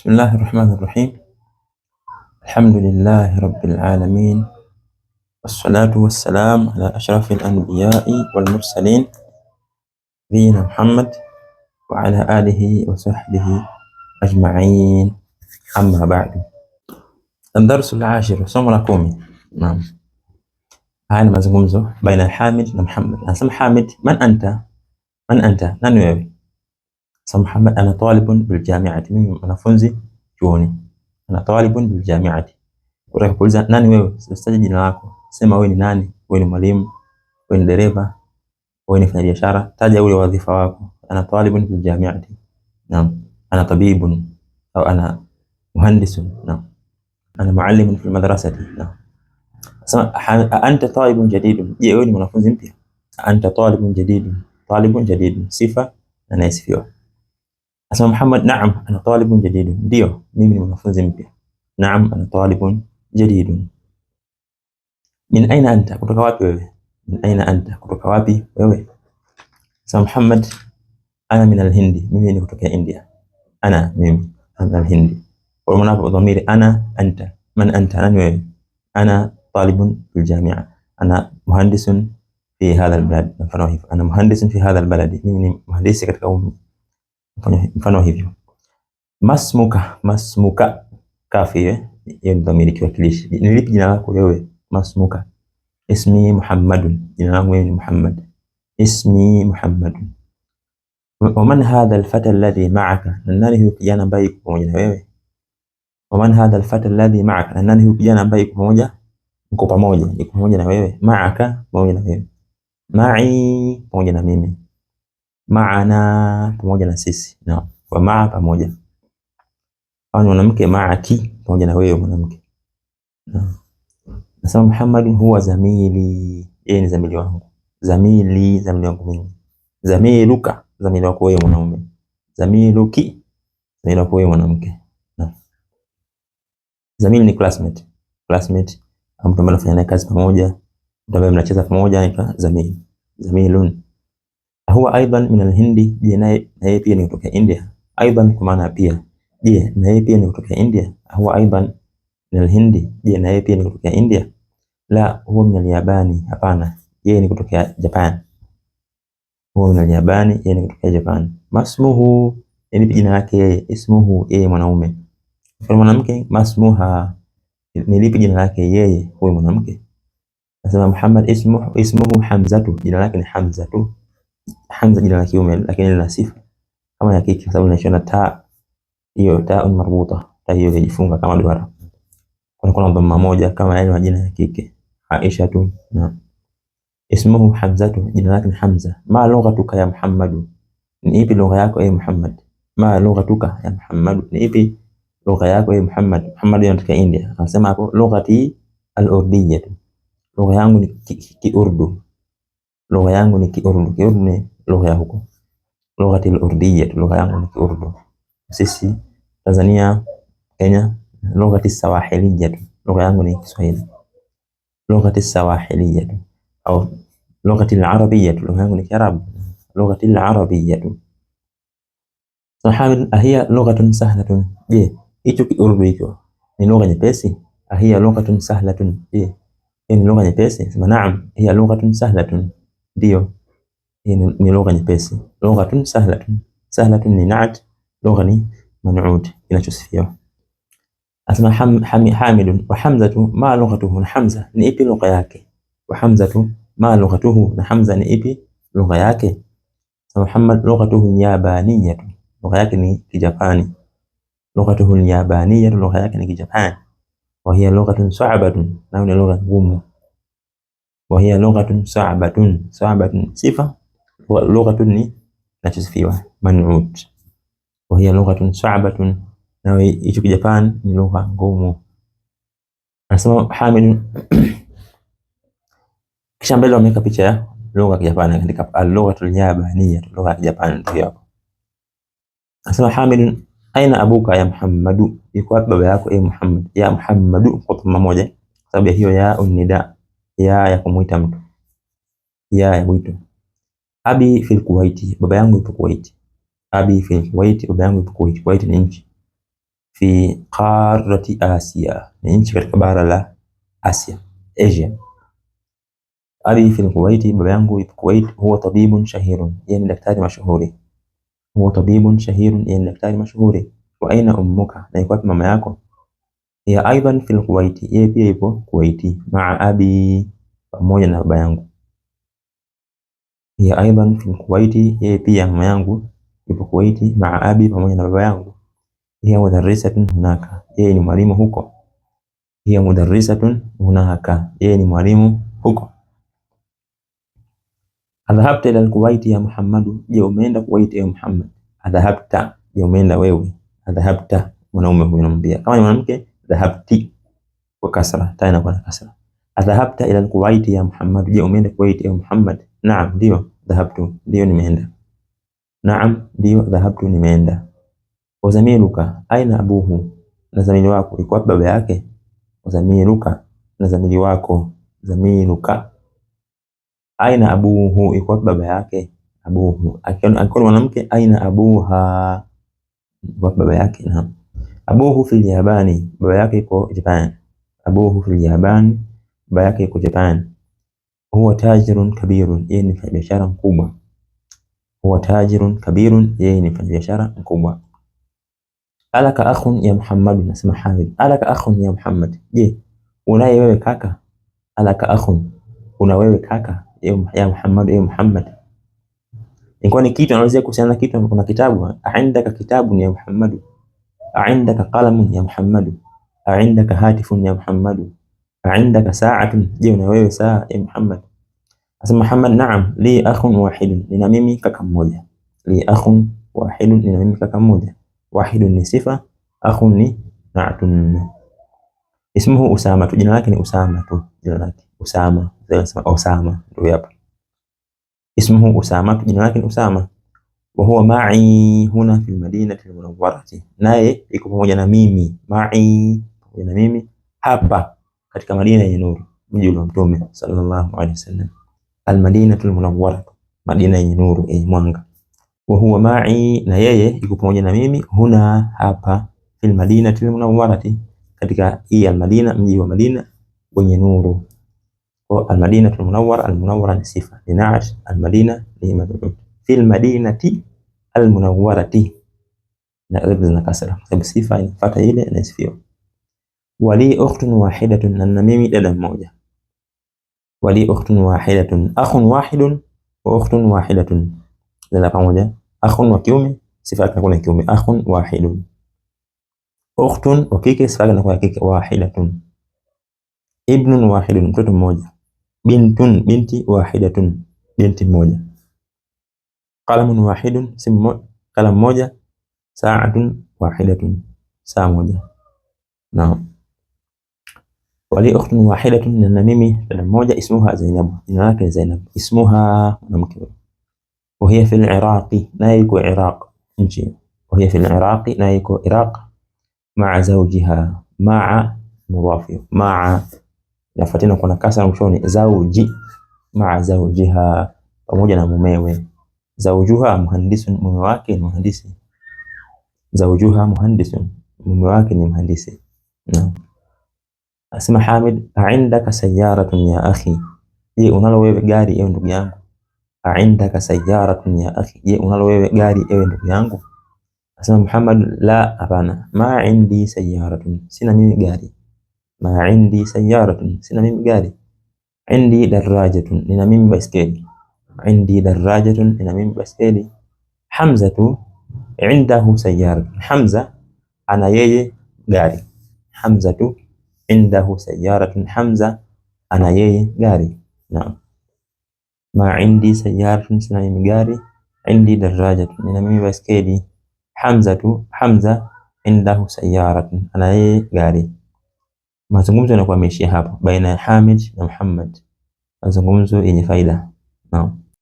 بسم الله الرحمن الرحيم الحمد لله رب العالمين والصلاة والسلام على أشرف الأنبياء والمرسلين نبينا محمد وعلى آله وصحبه أجمعين أما بعد الدرس العاشر سمرة كومي نعم هاي المزغومزو بين الحامد ومحمد أسم حامد من أنت من أنت نانو محمد أنا طالب بالجامعة مين أنا فنزي جوني أنا طالب بالجامعة وراح أقول زن ناني ويو استجدي ناكو سما وين ناني وين ماليم وين دريبة وين في نبيشارة تاجي أولي وظيفة واكو أنا طالب بالجامعة نعم أنا طبيب أو أنا مهندس نعم أنا معلم في المدرسة نعم أنت طالب جديد يا أولي أنت طالب جديد طالب جديد صفة أنا يسفيوه Asma Muhammad, naam ana talibun jadidun, ndio mimi ni mwanafunzi mpya. Naam ana talibun jadidun. Min aina anta, kutoka wapi wewe? Min aina anta, kutoka wapi wewe? Asma Muhammad, ana min alhindi, mimi ni kutoka India. Ana mimi, ana alhindi. Kwa maana hapo dhamiri ana anta, man anta, nani wewe? Ana talibun fil jamia, ana muhandisun fi hadha albalad, mfano hivyo. Ana muhandisun fi hadha albalad, mimi ni mhandisi katika mfano hivyo. Masmuka, masmuka kafi eh? hiyo hiyo ni dhamiri kiwakilishi. Nilipi jina lako wewe? Masmuka. Ismi Muhammadun, jina langu ni Muhammad. Ismi Muhammadun. man hadha alfata alladhi ma'aka, na nani huyo kijana ambaye yuko pamoja na wewe? Wa man hadha alfata alladhi ma'aka, na nani huyo kijana ambaye yuko pamoja mko pamoja, yuko pamoja na wewe? Ma'aka, pamoja na wewe. Ma'i, pamoja na mimi maana pamoja na sisi na kwa maa pamoja, au mwanamke maaki pamoja na wewe mwanamke. Nasema Muhammad huwa zamili, yeye ni zamili wangu, zamili zamili wangu mimi, zamiluka zamili wako wewe mwanaume, zamiluki zamili wako wewe mwanamke. Zamili ni classmate, classmate mtu ambaye anafanya naye kazi pamoja, mtu ambaye mnacheza pamoja, ni zamili, zamilun Huwa aidan min alhindi, je na yeye pia ni kutoka India. Aidan kwa maana pia, je na yeye pia ni kutoka India. Huwa aidan min alhindi, je na yeye pia ni kutoka India. La, huwa min alyabani, hapana, yeye ni kutoka Japan. Huwa min alyabani, yeye ni kutoka Japan. Masmuhu, yani jina lake yeye. Ismuhu, yeye mwanaume. Kwa mwanamke, masmuha, ni lipi jina lake yeye, huyo mwanamke. Nasema Muhammad ismuhu, ismuhu Hamzatu, jina lake ni Hamzatu. Hamza jina la kiume, lakini lina sifa kama ya kike, sababu inaishia na ta, hiyo ta marbuta, ta hiyo imejifunga kama duara. Kuna kuna dhamma mmoja kama yale majina ya kike, Aisha tu na ismuhu Hamzatu, jina lake ni Hamza. Ma lughatuka ya Muhammadu, ni ipi lugha yako e Muhammad? Ma lughatuka ya Muhammad, ni ipi lugha yako e Muhammad? Muhammad anatoka India, anasema hapo lughati al-urdiyya, lugha yangu ni ki, Urdu lugha yangu ni Kiurdu. Kiurdu ni lugha ya huko, lughati urdiya, lugha yangu ni Kiurdu. Sisi Tanzania, Kenya, lughati sawahiliya, lugha yangu ni Kiswahili. Lughati sawahiliya au lughati larabia, lugha yangu ni Kiarabu. Lughati larabia. Sahabi, ahiya lughatun sahlatun, je, hicho Kiurdu hicho ni lugha nyepesi? Ahiya lughatun sahlatun, je, ni lugha nyepesi? Sema naam, hiya lughatun sahlatun ndio, ni lugha nyepesi. Lughatun sahlatun, sahlatun ni naat, lugha ni man'ut, kinachosifiwa. Asma hamidun wa hamzatu ma lughatuhu, na hamza ni ipi lugha yake? Wa hamzatu ma lughatuhu, na hamza ni ipi lugha yake? Muhammad lughatuhu yabaniyatu, lugha yake ni Kijapani. Lughatuhu yabaniyatu, lugha yake ni Kijapani. Wa hiya lughatun sa'batun, na ni lugha ngumu wa hiya lughatun sa'batun. Sa'batun sifa, wa lughatun ni nachosifiwa, man'ut. Wa hiya lughatun sa'batun, na hicho kijapan ni lugha ngumu. Anasema Hamid kisha mbele wameweka picha ya lugha ya Kijapani, akaandika al-lughatul japaniyya, lugha ya kijapan ndio hapo. Anasema Hamid, aina abuka ya Muhammadu, yuko wapi baba yako, e Muhammad? Ya Muhammadu kwa pamoja sababu ya hiyo ya unida ya ya kumuita mtu ya ya wito. Abi fil Kuwaiti, baba yangu yupo Kuwaiti. Abi fil Kuwaiti, baba yangu yupo Kuwaiti. Kuwaiti ni nchi. Fi qarati Asia, ni nchi katika bara la Asia, Asia. Abi fil Kuwaiti, baba yangu yupo Kuwaiti. Huwa tabibun shahirun, yani daktari mashuhuri. Huwa tabibun shahirun, yani daktari mashuhuri. Wa aina ummuka, na iko wapi mama yako? ya aidan fil Kuwait, yeye pia ipo Kuwait. Maa abi, pamoja na baba yangu. Ya aidan fil Kuwait, yeye pia mama yangu ipo Kuwait. Maa abi, pamoja na baba yangu. Hiya mudarrisatun hunaka, yeye ni mwalimu huko. Hiya mudarrisatun hunaka, yeye ni mwalimu huko. Adhahabta ila Kuwait ya Muhammadu, je, umeenda Kuwait ya Muhammad? Adhahabta, je, umeenda wewe? Adhahabta, mwanaume huyo anamwambia. Kama ni mwanamke dhahabti kwa kasra, ta inakuwa na kasra. Adhahabta ila alkuwaiti ya Muhammad, je umeenda Kuwait ya Muhammad? Naam, ndio. Dhahabtu, ndio nimeenda. Naam, ndio. Dhahabtu, nimeenda. Wazamiluka aina abuhu, na zamili wako iko wapi baba yake? Wazamiluka, na zamili wako zamiluka. Aina abuhu, iko wapi baba yake? Abuhu akiona mwanamke, aina abuha, wapi baba yake? Naam. Abuhu fil yabani, baba yake yuko Japan. Abuhu fil yabani, baba yake yuko Japan. Huwa tajirun kabirun, yeye ni biashara mkubwa. Huwa tajirun kabirun, yeye ni biashara mkubwa. Alaka akhun ya Muhammad, nasema Hamid. Alaka akhun ya Muhammad, je, unaye wewe kaka? Alaka akhun, una wewe kaka? Ya Muhammad, ya Muhammad Ingawa ni kitu anaweza kuhusiana na kitu, kuna kitabu. kitabu ni ya Muhammad aindaka qalamun ya Muhammadu, aindaka hatifun ya Muhammadu, aindaka sa'atun, je una wewe saa ya Muhammad? Asema Muhammad, naam, li akhun wahidun, nina mimi kaka mmoja. Li akhun wahidun, nina mimi kaka mmoja. Wahidun ni sifa, akhun ni naatun. Ismuhu Usama tu, jina lake ni Usama tu, jina lake Usama. Usama ndio hapa. Ismuhu Usama tu, jina lake ni Usama wa huwa ma'i huna fil madinati al munawwarati, naye iko pamoja na mimi ma'i, pamoja na mimi hapa katika Madina yenye nuru, mji wa Mtume sallallahu alaihi wasallam. Al madinatu al munawwara, Madina yenye nuru, yenye mwanga. Wa huwa ma'i, na yeye iko pamoja na mimi huna, hapa fil madinati al munawwarati, katika hii al Madina, mji wa Madina wenye nuru. Kwa al madinatu al munawwara, al munawwara ni sifa, ni naash al Madina ni madhkur fil madinati al munawwarati na alif zina kasra, sababu sifa inafuata ile inasifiwa. Wali ukhtun wahidatun, na mimi dada mmoja. Wali ukhtun wahidatun, akhun wahidun wa ukhtun wahidatun, dada pamoja. Akhun wa kiume, sifa yake ni kiume. Akhun wahidun, ukhtun wa kike, sifa yake ni kike. Wahidatun, ibnun wahidun, mtoto mmoja. Bintun, binti wahidatun, binti mmoja Qalamun wahidun, simu kalamu moja. Sa'atun wahidatun, saa moja. Naam. Wali ukhtun wahidatun, na mimi dada moja. Ismuha Zainabu, jina lake Zainab. Ismuha mwanamke. Wa hiya fil Iraqi, na yuko Iraq nchi. Wa hiya fil Iraqi, na yuko Iraq. Ma'a zawjiha, ma'a mudhafi, ma'a nafatina kuna kasra mwishoni, zawji. Ma'a zawjiha, pamoja na mumewe Zawjuha muhandisun, mume wake ni mhandisi. Zawjuha muhandisun, mume wake ni mhandisi. Asema Hamid, aindaka sayaratun ya akhi, je, unalo wewe gari ewe ndugu yangu? Aindaka sayyaratun ya akhi, je, unalo wewe gari ewe ndugu yangu? Asema Muhammad, la, hapana. Ma indi sayyaratun, sina mimi gari. Ma indi sayyaratun, sina mimi gari. Indi darajatun, nina mimi baiskeli indi darajatun, ina mimi basheli. Hamzatu indahu sayyaratun, Hamza ana yeye gari. Hamzatu indahu sayyaratun, Hamza ana yeye gari. Naam. Ma indi sayyaratun, sina mimi gari. Indi darajatun, ina mimi basheli. Hamzatu, Hamza indahu sayyaratun, ana yeye gari. Mazungumzo yanakuwa yameishia hapo baina ya Hamid na Muhammad, mazungumzo yenye faida. Naam.